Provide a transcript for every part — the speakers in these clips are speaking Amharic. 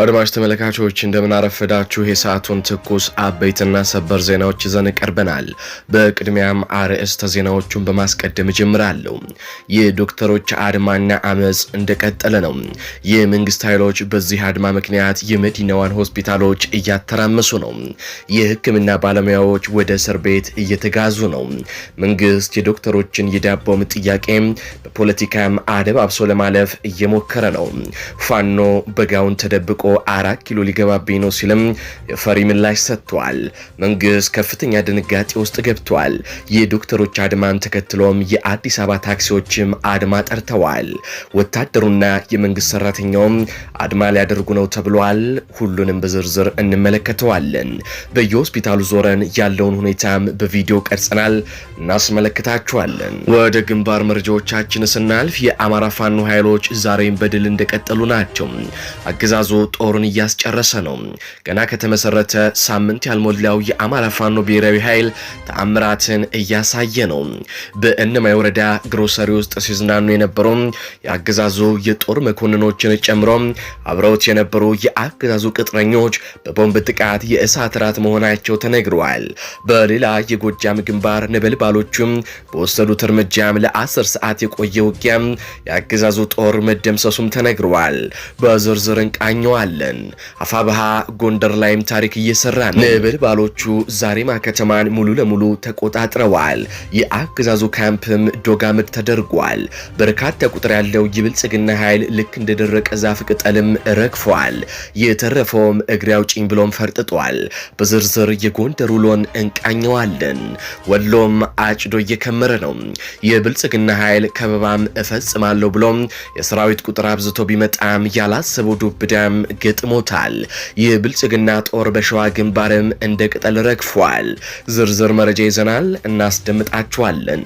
አድማጭ ተመልካቾች እንደምናረፈዳችሁ የሰዓቱን ትኩስ አበይትና ሰበር ዜናዎች ይዘን ቀርበናል። በቅድሚያም አርዕስተ ዜናዎቹን በማስቀደም እጀምራለሁ። የዶክተሮች አድማና አመፅ እንደቀጠለ ነው። የመንግስት ኃይሎች በዚህ አድማ ምክንያት የመዲናዋን ሆስፒታሎች እያተራመሱ ነው። የህክምና ባለሙያዎች ወደ እስር ቤት እየተጋዙ ነው። መንግስት የዶክተሮችን የዳቦም ጥያቄ በፖለቲካም አደብ አብሶ ለማለፍ እየሞከረ ነው። ፋኖ በጋውን ተደብቆ አራት ኪሎ ሊገባብኝ ነው ሲልም ፈሪ ምላሽ ሰጥቷል። መንግስት ከፍተኛ ድንጋጤ ውስጥ ገብቷል። የዶክተሮች አድማን ተከትሎም የአዲስ አበባ ታክሲዎችም አድማ ጠርተዋል። ወታደሩና የመንግስት ሰራተኛውም አድማ ሊያደርጉ ነው ተብሏል። ሁሉንም በዝርዝር እንመለከተዋለን። በየሆስፒታሉ ዞረን ያለውን ሁኔታም በቪዲዮ ቀርጸናል፣ እናስመለክታችኋለን። ወደ ግንባር መረጃዎቻችን ስናልፍ የአማራ ፋኖ ኃይሎች ዛሬም በድል እንደቀጠሉ ናቸው። አገዛዙ ጦሩን እያስጨረሰ ነው። ገና ከተመሰረተ ሳምንት ያልሞላው የአማራ ፋኖ ብሔራዊ ኃይል ተአምራትን እያሳየ ነው። በእነማይ ወረዳ ግሮሰሪ ውስጥ ሲዝናኑ የነበሩ የአገዛዙ የጦር መኮንኖችን ጨምሮ አብረውት የነበሩ የአገዛዙ ቅጥረኞች በቦምብ ጥቃት የእሳት ራት መሆናቸው ተነግረዋል። በሌላ የጎጃም ግንባር ነበልባሎቹም በወሰዱት እርምጃም ለአስር ሰዓት የቆየ ውጊያም የአገዛዙ ጦር መደምሰሱም ተነግረዋል። በዝርዝር እንቃኘዋል። እናያለን። አፋብሃ ጎንደር ላይም ታሪክ እየሰራ ነው። ነበልባሎቹ ዛሬማ ከተማን ሙሉ ለሙሉ ተቆጣጥረዋል። የአገዛዙ ካምፕም ዶጋምድ ተደርጓል። በርካታ ቁጥር ያለው የብልጽግና ኃይል ልክ እንደደረቀ ዛፍ ቅጠልም ረግፏል። የተረፈውም እግሬ አውጪኝ ብሎም ፈርጥጧል። በዝርዝር የጎንደር ውሎን እንቃኘዋለን። ወሎም አጭዶ እየከመረ ነው። የብልጽግና ኃይል ከበባም እፈጽማለሁ ብሎም የሰራዊት ቁጥር አብዝቶ ቢመጣም ያላሰበው ዱብዳም ገጥሞታል። የብልጽግና ጦር በሸዋ ግንባርም እንደ ቅጠል ረግፏል። ዝርዝር መረጃ ይዘናል፣ እናስደምጣችኋለን።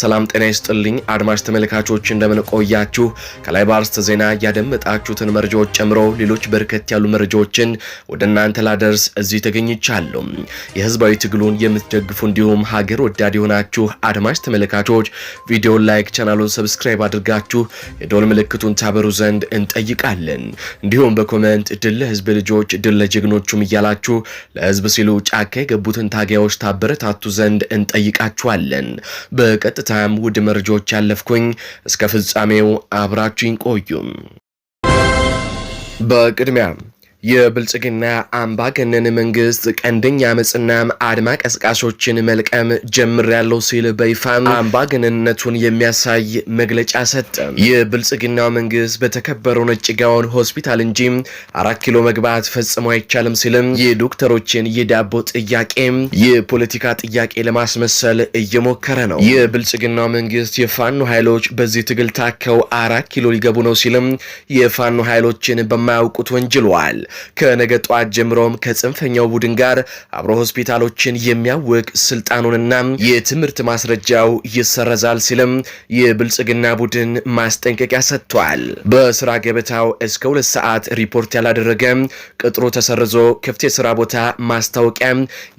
ሰላም ጤና ይስጥልኝ አድማጭ ተመልካቾች፣ እንደምንቆያችሁ ከላይ በአርዕስተ ዜና ያደመጣችሁትን መረጃዎች ጨምሮ ሌሎች በርከት ያሉ መረጃዎችን ወደ እናንተ ላደርስ እዚህ ተገኝቻለሁ። የህዝባዊ ትግሉን የምትደግፉ እንዲሁም ሀገር ወዳድ የሆናችሁ አድማጭ ተመልካቾች ቪዲዮን ላይክ፣ ቻናሉን ሰብስክራይብ አድርጋችሁ የዶል ምልክቱን ታበሩ ዘንድ እንጠይቃለን። እንዲሁም በኮመንት ፕሬዚደንት ድል ለህዝብ ልጆች ድል ለጀግኖቹም እያላችሁ ለህዝብ ሲሉ ጫካ የገቡትን ታጋዮች ታበረታቱ ዘንድ እንጠይቃችኋለን። በቀጥታም ውድ መረጃዎች ያለፍኩኝ እስከ ፍጻሜው አብራችሁኝ ቆዩም። በቅድሚያ የብልጽግና አምባገነን መንግስት ቀንደኛ አመፅና አድማ ቀስቃሾችን መልቀም ጀምር ያለው ሲል በይፋ አምባገነንነቱን የሚያሳይ መግለጫ ሰጠ። የብልጽግናው መንግስት በተከበረው ነጭ ጋውን ሆስፒታል እንጂ አራት ኪሎ መግባት ፈጽሞ አይቻልም ሲልም የዶክተሮችን የዳቦ ጥያቄ የፖለቲካ ጥያቄ ለማስመሰል እየሞከረ ነው። የብልጽግናው መንግስት የፋኖ ኃይሎች በዚህ ትግል ታከው አራት ኪሎ ሊገቡ ነው ሲልም የፋኖ ኃይሎችን በማያውቁት ወንጅለዋል። ከነገ ጠዋት ጀምሮም ከጽንፈኛው ቡድን ጋር አብሮ ሆስፒታሎችን የሚያውቅ ስልጣኑንና የትምህርት ማስረጃው ይሰረዛል ሲልም የብልጽግና ቡድን ማስጠንቀቂያ ሰጥቷል። በስራ ገበታው እስከ ሁለት ሰዓት ሪፖርት ያላደረገ ቅጥሩ ተሰርዞ ክፍት የስራ ቦታ ማስታወቂያ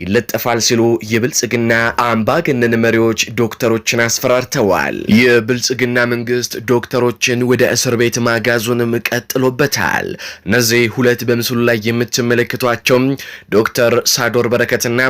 ይለጠፋል ሲሉ የብልጽግና አምባገነን መሪዎች ዶክተሮችን አስፈራርተዋል። የብልጽግና መንግስት ዶክተሮችን ወደ እስር ቤት ማጋዙንም ቀጥሎበታል። እነዚህ ሁለት በምስሉ ላይ የምትመለከቷቸው ዶክተር ሳዶር በረከትና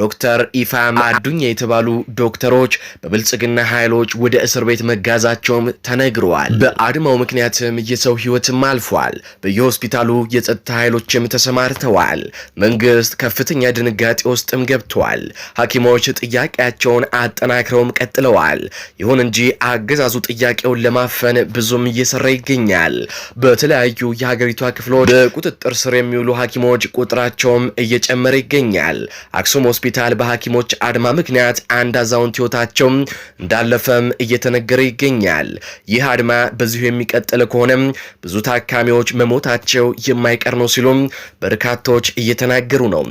ዶክተር ኢፋም አዱኛ የተባሉ ዶክተሮች በብልጽግና ኃይሎች ወደ እስር ቤት መጋዛቸውም ተነግረዋል። በአድማው ምክንያትም የሰው ህይወትም አልፏል። በየሆስፒታሉ የጸጥታ ኃይሎችም ተሰማርተዋል። መንግስት ከፍተኛ ድንጋጤ ውስጥም ገብተዋል። ሐኪሞች ጥያቄያቸውን አጠናክረውም ቀጥለዋል። ይሁን እንጂ አገዛዙ ጥያቄውን ለማፈን ብዙም እየሰራ ይገኛል። በተለያዩ የሀገሪቷ ክፍሎች በቁጥጥር በቁጥጥር ስር የሚውሉ ሐኪሞች ቁጥራቸውም እየጨመረ ይገኛል። አክሱም ሆስፒታል በሐኪሞች አድማ ምክንያት አንድ አዛውንት ህይወታቸው እንዳለፈም እየተነገረ ይገኛል። ይህ አድማ በዚሁ የሚቀጥል ከሆነም ብዙ ታካሚዎች መሞታቸው የማይቀር ነው ሲሉም በርካቶች እየተናገሩ ነው።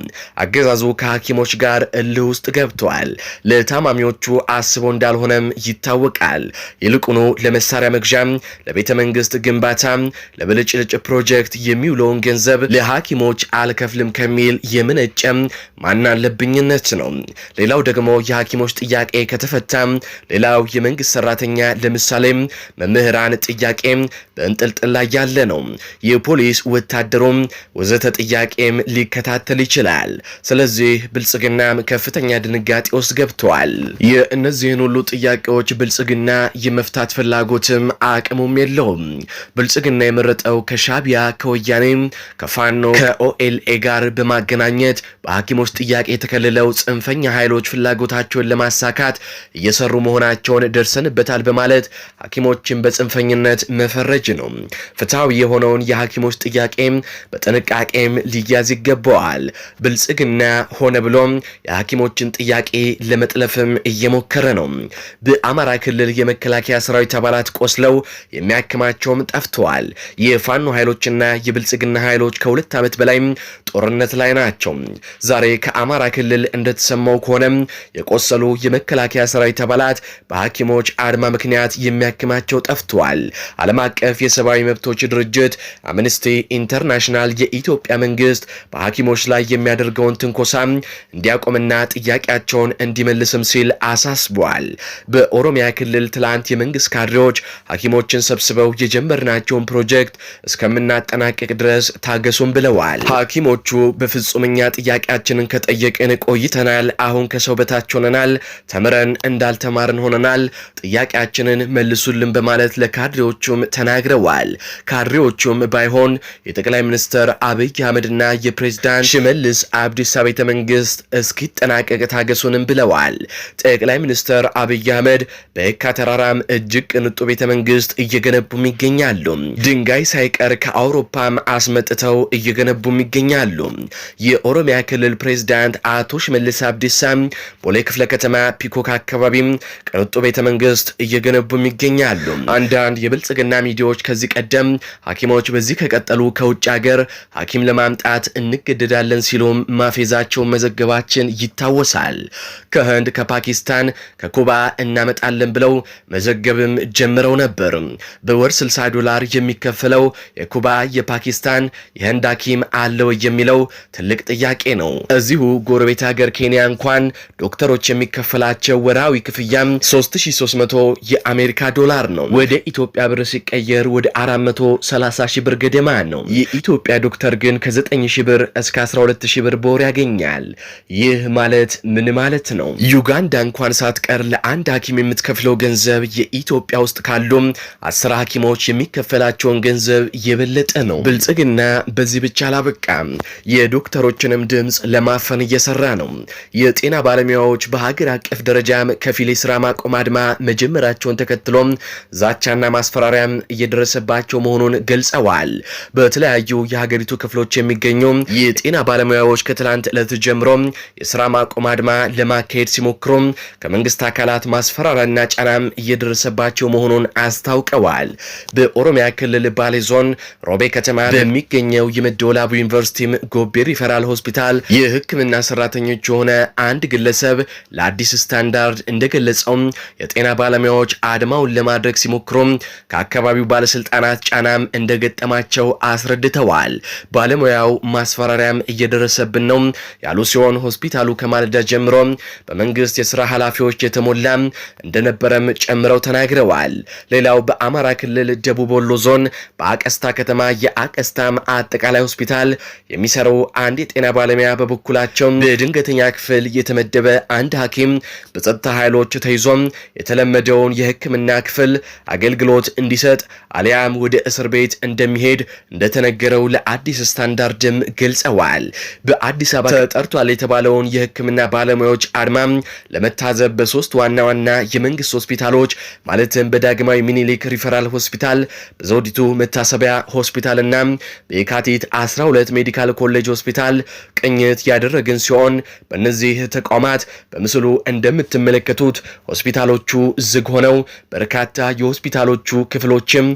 አገዛዙ ከሐኪሞች ጋር እልህ ውስጥ ገብተዋል። ለታማሚዎቹ አስቦ እንዳልሆነም ይታወቃል። ይልቁኑ ለመሳሪያ መግዣም፣ ለቤተ መንግስት ግንባታ፣ ለብልጭልጭ ፕሮጀክት የሚውለውን ገንዘብ ገንዘብ ለሐኪሞች አልከፍልም ከሚል የምነጨም ማናለብኝነት ነው። ሌላው ደግሞ የሐኪሞች ጥያቄ ከተፈታ ሌላው የመንግስት ሰራተኛ ለምሳሌ መምህራን ጥያቄ በእንጥልጥል ላይ ያለ ነው። የፖሊስ ወታደሩም ወዘተ ጥያቄም ሊከታተል ይችላል። ስለዚህ ብልጽግና ከፍተኛ ድንጋጤ ውስጥ ገብተዋል። የእነዚህን ሁሉ ጥያቄዎች ብልጽግና የመፍታት ፍላጎትም አቅሙም የለውም። ብልጽግና የመረጠው ከሻቢያ ከወያኔ ከፋኖ ከኦኤልኤ ጋር በማገናኘት በሐኪሞች ጥያቄ ተከልለው ጽንፈኛ ኃይሎች ፍላጎታቸውን ለማሳካት እየሰሩ መሆናቸውን ደርሰንበታል በማለት ሐኪሞችን በጽንፈኝነት መፈረጅ ነው። ፍትሐዊ የሆነውን የሐኪሞች ጥያቄም በጥንቃቄም ሊያዝ ይገባዋል። ብልጽግና ሆነ ብሎም የሐኪሞችን ጥያቄ ለመጥለፍም እየሞከረ ነው። በአማራ ክልል የመከላከያ ሰራዊት አባላት ቆስለው የሚያክማቸውም ጠፍተዋል። የፋኖ ኃይሎችና የብልጽግና ኃይሎች ከሁለት ዓመት በላይ ጦርነት ላይ ናቸው። ዛሬ ከአማራ ክልል እንደተሰማው ከሆነ የቆሰሉ የመከላከያ ሰራዊት አባላት በሐኪሞች አድማ ምክንያት የሚያክማቸው ጠፍተዋል። ዓለም አቀፍ የሰብአዊ መብቶች ድርጅት አምነስቲ ኢንተርናሽናል የኢትዮጵያ መንግስት በሐኪሞች ላይ የሚያደርገውን ትንኮሳም እንዲያቆምና ጥያቄያቸውን እንዲመልስም ሲል አሳስቧል። በኦሮሚያ ክልል ትላንት የመንግስት ካድሬዎች ሐኪሞችን ሰብስበው የጀመርናቸውን ፕሮጀክት እስከምናጠናቀቅ ድረስ ታገሱም ብለዋል። ሐኪሞቹ በፍጹምኛ ጥያቄ ጥያቄያችንን ከጠየቅን ቆይተናል። አሁን ከሰው በታች ሆነናል። ተምረን እንዳልተማርን ሆነናል። ጥያቄያችንን መልሱልን በማለት ለካድሬዎቹም ተናግረዋል። ካድሬዎቹም ባይሆን የጠቅላይ ሚኒስትር አብይ አህመድና የፕሬዝዳንት ሽመልስ አብዲሳ ቤተ መንግስት እስኪጠናቀቅ ታገሱንም ብለዋል። ጠቅላይ ሚኒስትር አብይ አህመድ በየካ ተራራም እጅግ ቅንጡ ቤተ መንግስት እየገነቡም ይገኛሉ። ድንጋይ ሳይቀር ከአውሮፓም አስመጥተው እየገነቡም ይገኛሉ። የኦሮሚያ ክልል ፕሬዝዳንት አቶ ሽመልስ አብዲሳ ቦሌ ክፍለ ከተማ ፒኮክ አካባቢ ቅንጡ ቤተ መንግስት እየገነቡም ይገኛሉ። አንዳንድ የብልጽግና ሚዲያዎች ከዚህ ቀደም ሐኪሞች በዚህ ከቀጠሉ ከውጭ ሀገር ሐኪም ለማምጣት እንገደዳለን ሲሉም ማፌዛቸውን መዘገባችን ይታወሳል። ከህንድ፣ ከፓኪስታን፣ ከኩባ እናመጣለን ብለው መዘገብም ጀምረው ነበር። በወር 60 ዶላር የሚከፈለው የኩባ የፓኪስታን፣ የህንድ ሐኪም አለው የሚለው ትልቅ ጥያቄ ነው። እዚሁ ጎረቤት ሀገር ኬንያ እንኳን ዶክተሮች የሚከፈላቸው ወራዊ ክፍያም 3300 የአሜሪካ ዶላር ነው። ወደ ኢትዮጵያ ብር ሲቀየር ወደ 430 ሺህ ብር ገደማ ነው። የኢትዮጵያ ዶክተር ግን ከ9 ሺህ ብር እስከ 12 ሺህ ብር በወር ያገኛል። ይህ ማለት ምን ማለት ነው? ዩጋንዳ እንኳን ሳትቀር ለአንድ ሐኪም የምትከፍለው ገንዘብ የኢትዮጵያ ውስጥ ካሉም አስር ሐኪሞች የሚከፈላቸውን ገንዘብ የበለጠ ነው። ብልጽግና በዚህ ብቻ አላበቃም። የዶክተሮችንም ድም ድምፅ ለማፈን እየሰራ ነው። የጤና ባለሙያዎች በሀገር አቀፍ ደረጃም ከፊል የስራ ማቆም አድማ መጀመራቸውን ተከትሎም ዛቻና ማስፈራሪያም እየደረሰባቸው መሆኑን ገልጸዋል። በተለያዩ የሀገሪቱ ክፍሎች የሚገኙ የጤና ባለሙያዎች ከትላንት ዕለት ጀምሮ የስራ ማቆም አድማ ለማካሄድ ሲሞክሩ ከመንግስት አካላት ማስፈራሪያና ጫናም እየደረሰባቸው መሆኑን አስታውቀዋል። በኦሮሚያ ክልል ባሌ ዞን ሮቤ ከተማ በሚገኘው የመደወላቡ ዩኒቨርሲቲም ጎቤ ሪፈራል ሆስፒታል ተገልጿል። ህክምና ሰራተኞች የሆነ አንድ ግለሰብ ለአዲስ ስታንዳርድ እንደገለጸውም የጤና ባለሙያዎች አድማውን ለማድረግ ሲሞክሩም ከአካባቢው ባለስልጣናት ጫናም እንደገጠማቸው አስረድተዋል። ባለሙያው ማስፈራሪያም እየደረሰብን ነው ያሉ ሲሆን ሆስፒታሉ ከማለዳ ጀምሮ በመንግስት የስራ ኃላፊዎች የተሞላ እንደነበረም ጨምረው ተናግረዋል። ሌላው በአማራ ክልል ደቡብ ወሎ ዞን በአቀስታ ከተማ የአቀስታም አጠቃላይ ሆስፒታል የሚሰሩ አንድ የጤና ባለሙያ ባለሙያ በበኩላቸው በድንገተኛ ክፍል የተመደበ አንድ ሐኪም በጸጥታ ኃይሎች ተይዞ የተለመደውን የሕክምና ክፍል አገልግሎት እንዲሰጥ አሊያም ወደ እስር ቤት እንደሚሄድ እንደተነገረው ለአዲስ ስታንዳርድም ገልጸዋል። በአዲስ አበባ ተጠርቷል የተባለውን የሕክምና ባለሙያዎች አድማ ለመታዘብ በሶስት ዋና ዋና የመንግስት ሆስፒታሎች ማለትም በዳግማዊ ሚኒሊክ ሪፈራል ሆስፒታል፣ በዘውዲቱ መታሰቢያ ሆስፒታልና በየካቲት 12 ሜዲካል ኮሌጅ ሆስፒታል ቅኝ ቅኝት ያደረግን ሲሆን በእነዚህ ተቋማት በምስሉ እንደምትመለከቱት ሆስፒታሎቹ ዝግ ሆነው በርካታ የሆስፒታሎቹ ክፍሎችም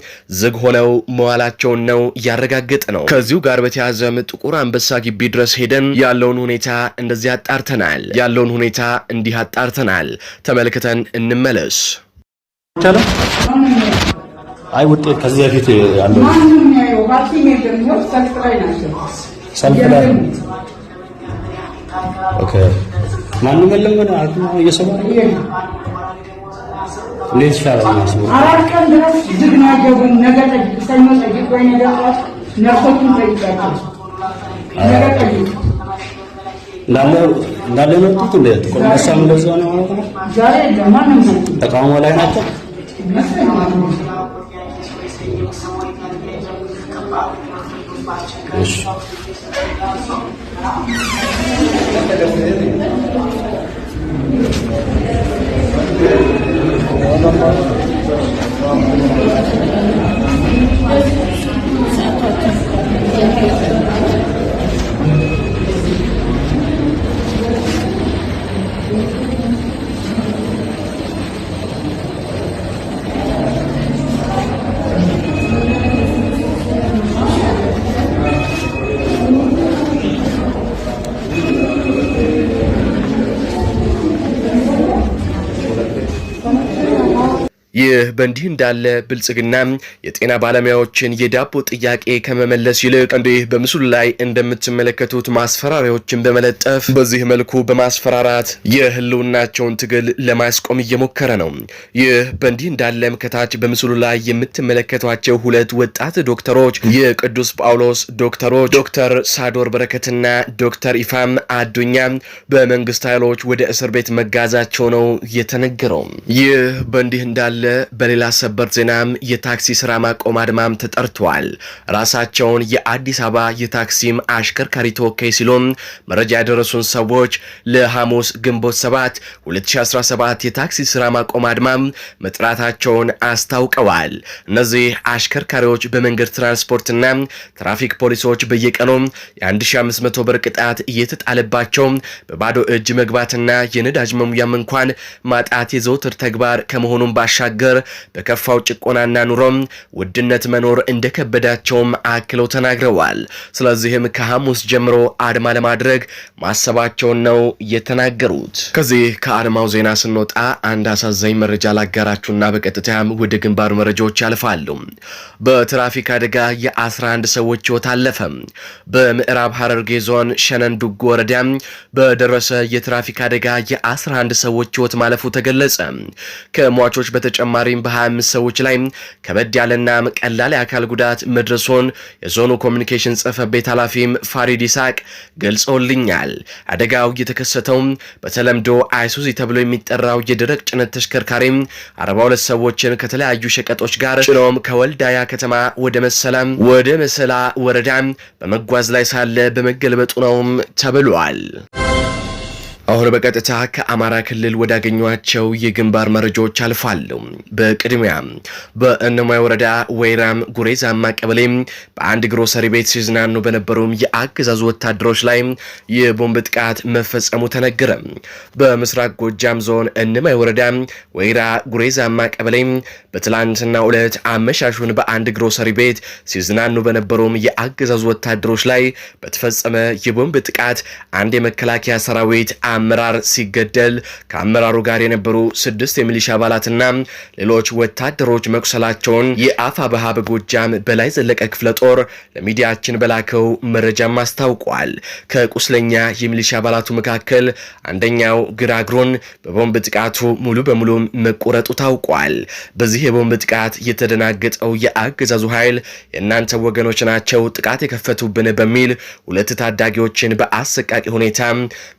ዝግ ሆነው መዋላቸውን ነው እያረጋገጠ ነው። ከዚሁ ጋር በተያያዘም ጥቁር አንበሳ ግቢ ድረስ ሄደን ያለውን ሁኔታ እንደዚህ አጣርተናል። ያለውን ሁኔታ እንዲህ አጣርተናል። ተመልክተን እንመለስ። አይ ውጤት ከዚህ በፊት ኦኬ ማንም የለም ነው አቅሙ እየሰማ እንዴት ይሻላል? ማስቡ አራት ቀን ድረስ ዝግና ገቡን ነገ ሰኞ ጠይቅ ወይ ነገ ነርሶቹን ጠይቃቸው ነገ ጠይቅ እንዳለ ነው። እንደ ጥቁር እንደዛ ነው ማለት ነው። ዛሬ ለማንም ተቃውሞ ላይ ናቸው። እሺ Gracias. በእንዲህ እንዳለ ብልጽግና የጤና ባለሙያዎችን የዳቦ ጥያቄ ከመመለስ ይልቅ እንዲህ በምስሉ ላይ እንደምትመለከቱት ማስፈራሪያዎችን በመለጠፍ በዚህ መልኩ በማስፈራራት የህልውናቸውን ትግል ለማስቆም እየሞከረ ነው። ይህ በእንዲህ እንዳለም ከታች በምስሉ ላይ የምትመለከቷቸው ሁለት ወጣት ዶክተሮች የቅዱስ ጳውሎስ ዶክተሮች ዶክተር ሳዶር በረከትና ዶክተር ኢፋም አዱኛ በመንግስት ኃይሎች ወደ እስር ቤት መጋዛቸው ነው የተነገረው። ይህ በእንዲህ እንዳለ በሌላ ሰበር ዜናም የታክሲ ስራ ማቆም አድማም ተጠርቷል። ራሳቸውን የአዲስ አበባ የታክሲም አሽከርካሪ ተወካይ ሲሉም መረጃ ያደረሱን ሰዎች ለሐሙስ ግንቦት 7 2017 የታክሲ ስራ ማቆም አድማም መጥራታቸውን አስታውቀዋል። እነዚህ አሽከርካሪዎች በመንገድ ትራንስፖርትና ትራፊክ ፖሊሶች በየቀኑ የ1500 ብር ቅጣት እየተጣለባቸው በባዶ እጅ መግባትና የነዳጅ መሙያም እንኳን ማጣት የዘውትር ተግባር ከመሆኑም ባሻገር በከፋው ጭቆናና ኑሮም ውድነት መኖር እንደከበዳቸውም አክለው ተናግረዋል። ስለዚህም ከሐሙስ ጀምሮ አድማ ለማድረግ ማሰባቸውን ነው የተናገሩት። ከዚህ ከአድማው ዜና ስንወጣ አንድ አሳዛኝ መረጃ ላጋራችሁና በቀጥታም ወደ ግንባር መረጃዎች ያልፋሉ። በትራፊክ አደጋ የ11 ሰዎች ህይወት አለፈ። በምዕራብ ሐረርጌ ዞን ሸነንዱጉ ወረዳ በደረሰ የትራፊክ አደጋ የ11 ሰዎች ህይወት ማለፉ ተገለጸ። ከሟቾች በተጨማሪም በ25 ሰዎች ላይ ከበድ ያለና ቀላል የአካል ጉዳት መድረሱን የዞኑ ኮሚኒኬሽን ጽህፈት ቤት ኃላፊም ፋሪድ ይስቅ ገልጸውልኛል። አደጋው የተከሰተው በተለምዶ አይሱዚ ተብሎ የሚጠራው የደረቅ ጭነት ተሽከርካሪም 42 ሰዎችን ከተለያዩ ሸቀጦች ጋር ጭኖም ከወልዳያ ከተማ ወደ መሰላም ወደ መሰላ ወረዳ በመጓዝ ላይ ሳለ በመገልበጡ ነውም ተብሏል። አሁን በቀጥታ ከአማራ ክልል ወዳገኟቸው የግንባር መረጃዎች አልፋለሁ። በቅድሚያ በእነማይ ወረዳ ወይራም ጉሬዛማ ቀበሌ በአንድ ግሮሰሪ ቤት ሲዝናኑ በነበሩም የአገዛዙ ወታደሮች ላይ የቦምብ ጥቃት መፈጸሙ ተነገረ። በምስራቅ ጎጃም ዞን እነማይ ወረዳ ወይራ ጉሬዛማ ቀበሌ በትላንትና ዕለት አመሻሹን በአንድ ግሮሰሪ ቤት ሲዝናኑ በነበሩም የአገዛዙ ወታደሮች ላይ በተፈጸመ የቦምብ ጥቃት አንድ የመከላከያ ሰራዊት አመራር ሲገደል ከአመራሩ ጋር የነበሩ ስድስት የሚሊሻ አባላትና ሌሎች ወታደሮች መቁሰላቸውን የአፋ በሃብ ጎጃም በላይ ዘለቀ ክፍለ ጦር ለሚዲያችን በላከው መረጃም አስታውቋል። ከቁስለኛ የሚሊሻ አባላቱ መካከል አንደኛው ግራ እግሩን በቦምብ ጥቃቱ ሙሉ በሙሉ መቆረጡ ታውቋል። በዚህ የቦምብ ጥቃት የተደናገጠው የአገዛዙ ኃይል የእናንተ ወገኖች ናቸው ጥቃት የከፈቱብን በሚል ሁለት ታዳጊዎችን በአሰቃቂ ሁኔታ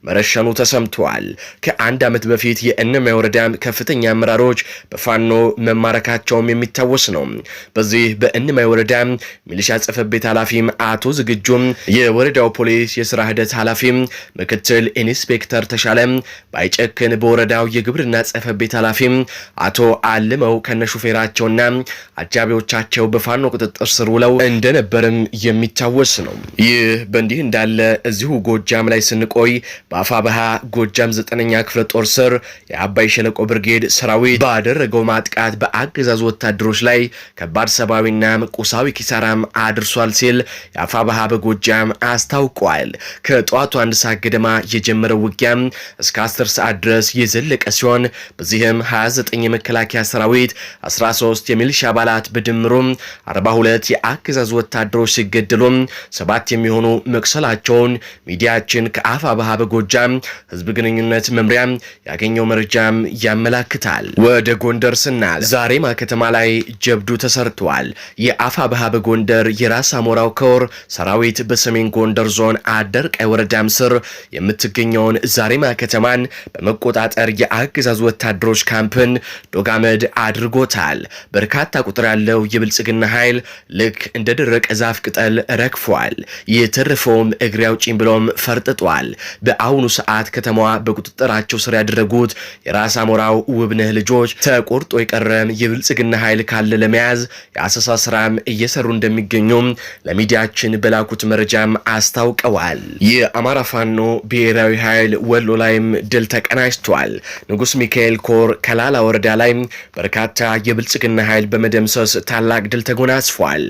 መረሸኑ ተሰምተዋል። ከአንድ ዓመት በፊት የእነማ ወረዳ ከፍተኛ አመራሮች በፋኖ መማረካቸውም የሚታወስ ነው። በዚህ በእነማ ወረዳ ሚሊሻ ጽሕፈት ቤት ኃላፊም አቶ ዝግጁም፣ የወረዳው ፖሊስ የስራ ሂደት ኃላፊም ምክትል ኢንስፔክተር ተሻለም ባይጨክን፣ በወረዳው የግብርና ጽሕፈት ቤት ኃላፊም አቶ አልመው ከነሹፌራቸውና አጃቢዎቻቸው በፋኖ ቁጥጥር ስር ውለው እንደነበርም የሚታወስ ነው። ይህ በእንዲህ እንዳለ እዚሁ ጎጃም ላይ ስንቆይ በአፋ በሃ ጎጃም ዘጠነኛ ክፍለ ጦር ስር የአባይ ሸለቆ ብርጌድ ሰራዊት ባደረገው ማጥቃት በአገዛዙ ወታደሮች ላይ ከባድ ሰብአዊና ቁሳዊ ኪሳራም አድርሷል ሲል የአፋ ባሃ በጎጃም አስታውቋል። ከጠዋቱ አንድ ሰዓት ገደማ የጀመረው ውጊያም እስከ 10 ሰዓት ድረስ የዘለቀ ሲሆን በዚህም 29 የመከላከያ ሰራዊት፣ 13 የሚሊሻ አባላት በድምሩም 42 የአገዛዙ ወታደሮች ሲገደሉም ሰባት የሚሆኑ መቁሰላቸውን ሚዲያችን ከአፋ ባሃ በጎጃም ህዝብ ግንኙነት መምሪያ ያገኘው መረጃም ያመላክታል። ወደ ጎንደር ስናል ዛሬማ ከተማ ላይ ጀብዱ ተሰርቷል። የአፋ ባህ በጎንደር የራስ አሞራው ከወር ሰራዊት በሰሜን ጎንደር ዞን አደርቃይ ወረዳም ስር የምትገኘውን ዛሬማ ከተማን በመቆጣጠር የአገዛዝ ወታደሮች ካምፕን ዶጋመድ አድርጎታል። በርካታ ቁጥር ያለው የብልጽግና ኃይል ልክ እንደ ደረቀ ዛፍ ቅጠል ረግፏል። የተረፈውም እግሬ አውጪኝ ብሎም ፈርጥጧል። በአሁኑ ሰዓት ከተማዋ በቁጥጥራቸው ስር ያደረጉት የራስ አሞራው ውብነህ ልጆች ተቆርጦ የቀረም የብልጽግና ኃይል ካለ ለመያዝ የአሰሳ ስራም እየሰሩ እንደሚገኙም ለሚዲያችን በላኩት መረጃም አስታውቀዋል። የአማራ ፋኖ ብሔራዊ ኃይል ወሎ ላይም ድል ተቀናጅቷል። ንጉስ ሚካኤል ኮር ከላላ ወረዳ ላይ በርካታ የብልጽግና ኃይል በመደምሰስ ታላቅ ድል ተጎናጽፏል።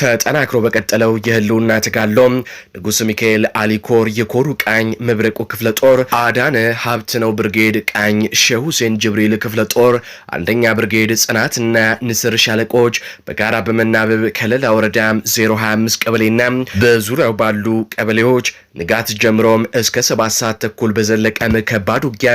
ተጠናክሮ በቀጠለው የህልውና ተጋድሎም ንጉስ ሚካኤል አሊ ኮር የኮሩ ቃኝ መብረቁ ክፍለ ጦር አዳነ ሀብት ነው ብርጌድ ቃኝ ሼህ ሁሴን ጅብሪል ክፍለ ጦር አንደኛ ብርጌድ ጽናትና ንስር ሻለቆች በጋራ በመናበብ ከለላ ወረዳ 025 ቀበሌና በዙሪያው ባሉ ቀበሌዎች ንጋት ጀምሮም እስከ ሰባት ሰዓት ተኩል በዘለቀም ከባድ ውጊያ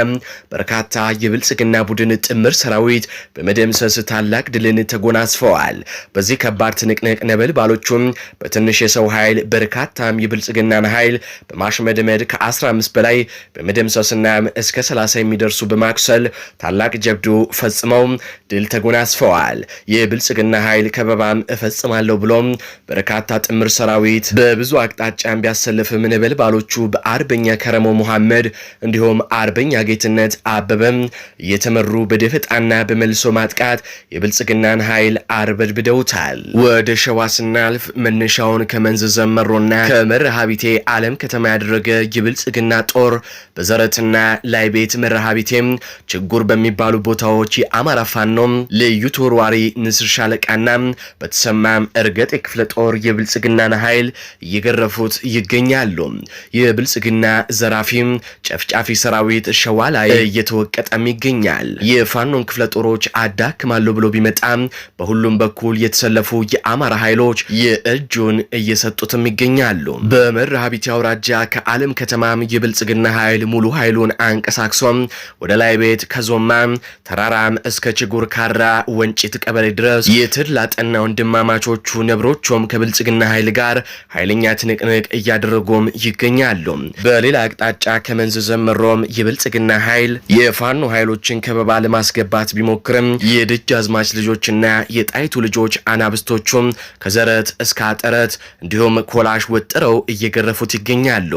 በርካታ የብልጽግና ቡድን ጥምር ሰራዊት በመደምሰስ ታላቅ ድልን ተጎናጽፈዋል። በዚህ ከባድ ትንቅንቅ ነበልባሎቹም በትንሽ የሰው ኃይል በርካታም የብልጽግናን ኃይል በማሽመድመድ ከ15 በላይ በመደምሰስና እስከ 30 የሚደርሱ በማኩሰል ታላቅ ጀብዱ ፈጽመው ድል ተጎናስፈዋል። የብልጽግና ኃይል ከበባም እፈጽማለሁ ብሎም በርካታ ጥምር ሰራዊት በብዙ አቅጣጫ ቢያሰልፍም ነበልባሎቹ በአርበኛ ከረሞ መሐመድ እንዲሁም አርበኛ ጌትነት አበበም እየተመሩ በደፈጣና በመልሶ ማጥቃት የብልጽግናን ኃይል አርበድብደውታል። ወደ ሸዋ ስናልፍ መነሻውን ከመንዝ ዘመሮና ከመረሃቢቴ አለም ዓለም ከተማ ያደረገ የብልጽግና ጦር በዘረትና ቤት መረሃቢቴም ችጉር በሚባሉ ቦታዎች የአማራ ፋኖ ልዩ ተወርዋሪ ንስር ሻለቃና በተሰማም እርገጥ የክፍለ ጦር የብልጽግናን ኃይል እየገረፉት ይገኛሉ። የብልጽግና ዘራፊም ጨፍጫፊ ሰራዊት ሸዋ ላይ እየተወቀጠም ይገኛል። የፋኖን ክፍለ ጦሮች አዳክማለሁ ብሎ ቢመጣም በሁሉም በኩል የተሰለፉ የአማራ ኃይሎች የእጁን እየሰጡትም ይገኛሉ። በመርሃቤቴ አውራጃ ከአለም ከተማም የብልጽግና ኃይል ሙሉ ኃይሉን አንቀሳቅሶም ወደ ላይ ቤት ከዞማ ተራራም እስከ ችጉር ካራ ወንጭት ቀበሌ ድረስ የተድላጠና ወንድማማቾቹ ነብሮቹም ከብልጽግና ኃይል ጋር ኃይለኛ ትንቅንቅ እያደረጉም ይገኛሉ። በሌላ አቅጣጫ ከመንዝ ዘመሮም የብልጽግና ኃይል የፋኖ ኃይሎችን ከበባ ለማስገባት ቢሞክርም አዝማች ልጆችና የጣይቱ ልጆች አናብስቶቹም ከዘረት እስከ አጠረት እንዲሁም ኮላሽ ወጥረው እየገረፉት ይገኛሉ።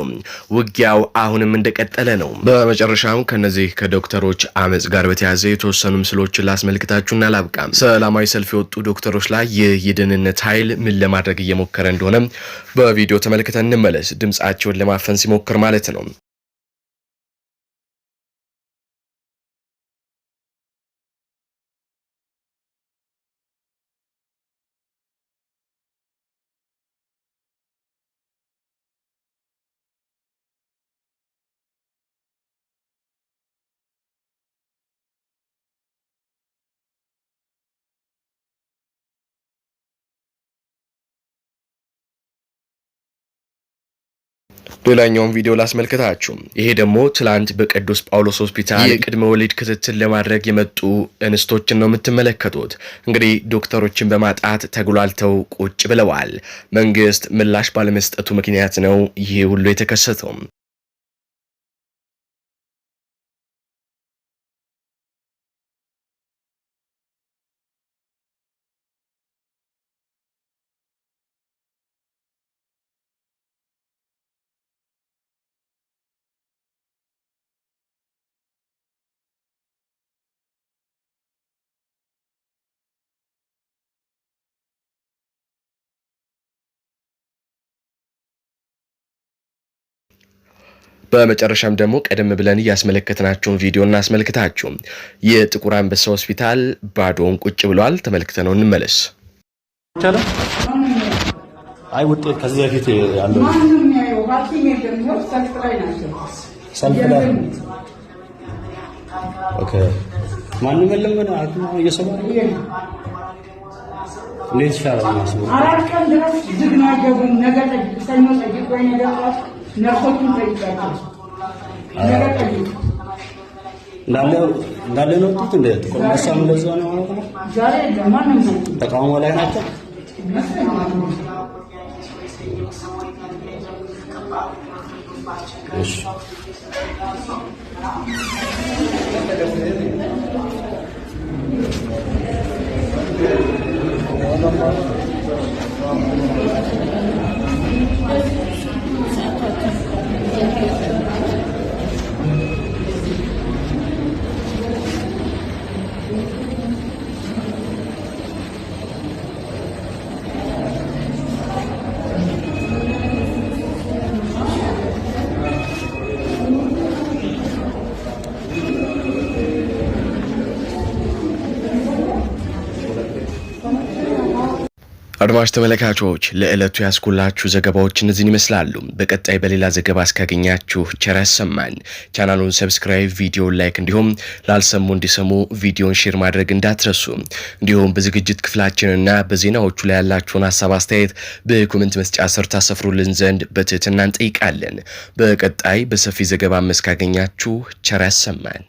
ውጊያው አሁንም እንደቀጠ እንደቀጠለ ነው። በመጨረሻም ከነዚህ ከዶክተሮች አመፅ ጋር በተያያዘ የተወሰኑ ምስሎችን ላስመልክታችሁና ላብቃም። ሰላማዊ ሰልፍ የወጡ ዶክተሮች ላይ ይህ የደህንነት ኃይል ምን ለማድረግ እየሞከረ እንደሆነ በቪዲዮ ተመልክተን እንመለስ። ድምጻቸውን ለማፈን ሲሞክር ማለት ነው። ሌላኛውን ቪዲዮ ላስመልክታችሁ። ይሄ ደግሞ ትላንት በቅዱስ ጳውሎስ ሆስፒታል የቅድመ ወሊድ ክትትል ለማድረግ የመጡ እንስቶችን ነው የምትመለከቱት። እንግዲህ ዶክተሮችን በማጣት ተጉላልተው ቁጭ ብለዋል። መንግስት ምላሽ ባለመስጠቱ ምክንያት ነው ይሄ ሁሉ የተከሰተው። በመጨረሻም ደግሞ ቀደም ብለን እያስመለከትናቸውን ቪዲዮ እናስመልክታችሁ። የጥቁር አንበሳ ሆስፒታል ባዶውን ቁጭ ብለዋል። ተመልክተ ነው እንመለስ። አይ ወጣት ከዚህ በፊት ማንም የለም። እንዴት ይሻላል? ነርሶቹን እንዳለ ነው ወጡት። እንደ ጥቁር ማሳብ እንደዚያ ነው ማለት ነው። ተቃውሞ ላይ ናቸው። እሺ ተባሽ ተመለካቾች ለዕለቱ ያስኩላችሁ ዘገባዎች እነዚህን ይመስላሉ። በቀጣይ በሌላ ዘገባ እስካገኛችሁ ቸር ያሰማን። ቻናሉን ሰብስክራይብ፣ ቪዲዮን ላይክ እንዲሁም ላልሰሙ እንዲሰሙ ቪዲዮን ሼር ማድረግ እንዳትረሱ። እንዲሁም በዝግጅት ክፍላችንና በዜናዎቹ ላይ ያላችሁን ሀሳብ አስተያየት በኮመንት መስጫ ስር ታሰፍሩልን ዘንድ በትህትና እንጠይቃለን። በቀጣይ በሰፊ ዘገባ እስካገኛችሁ ቸር ያሰማን።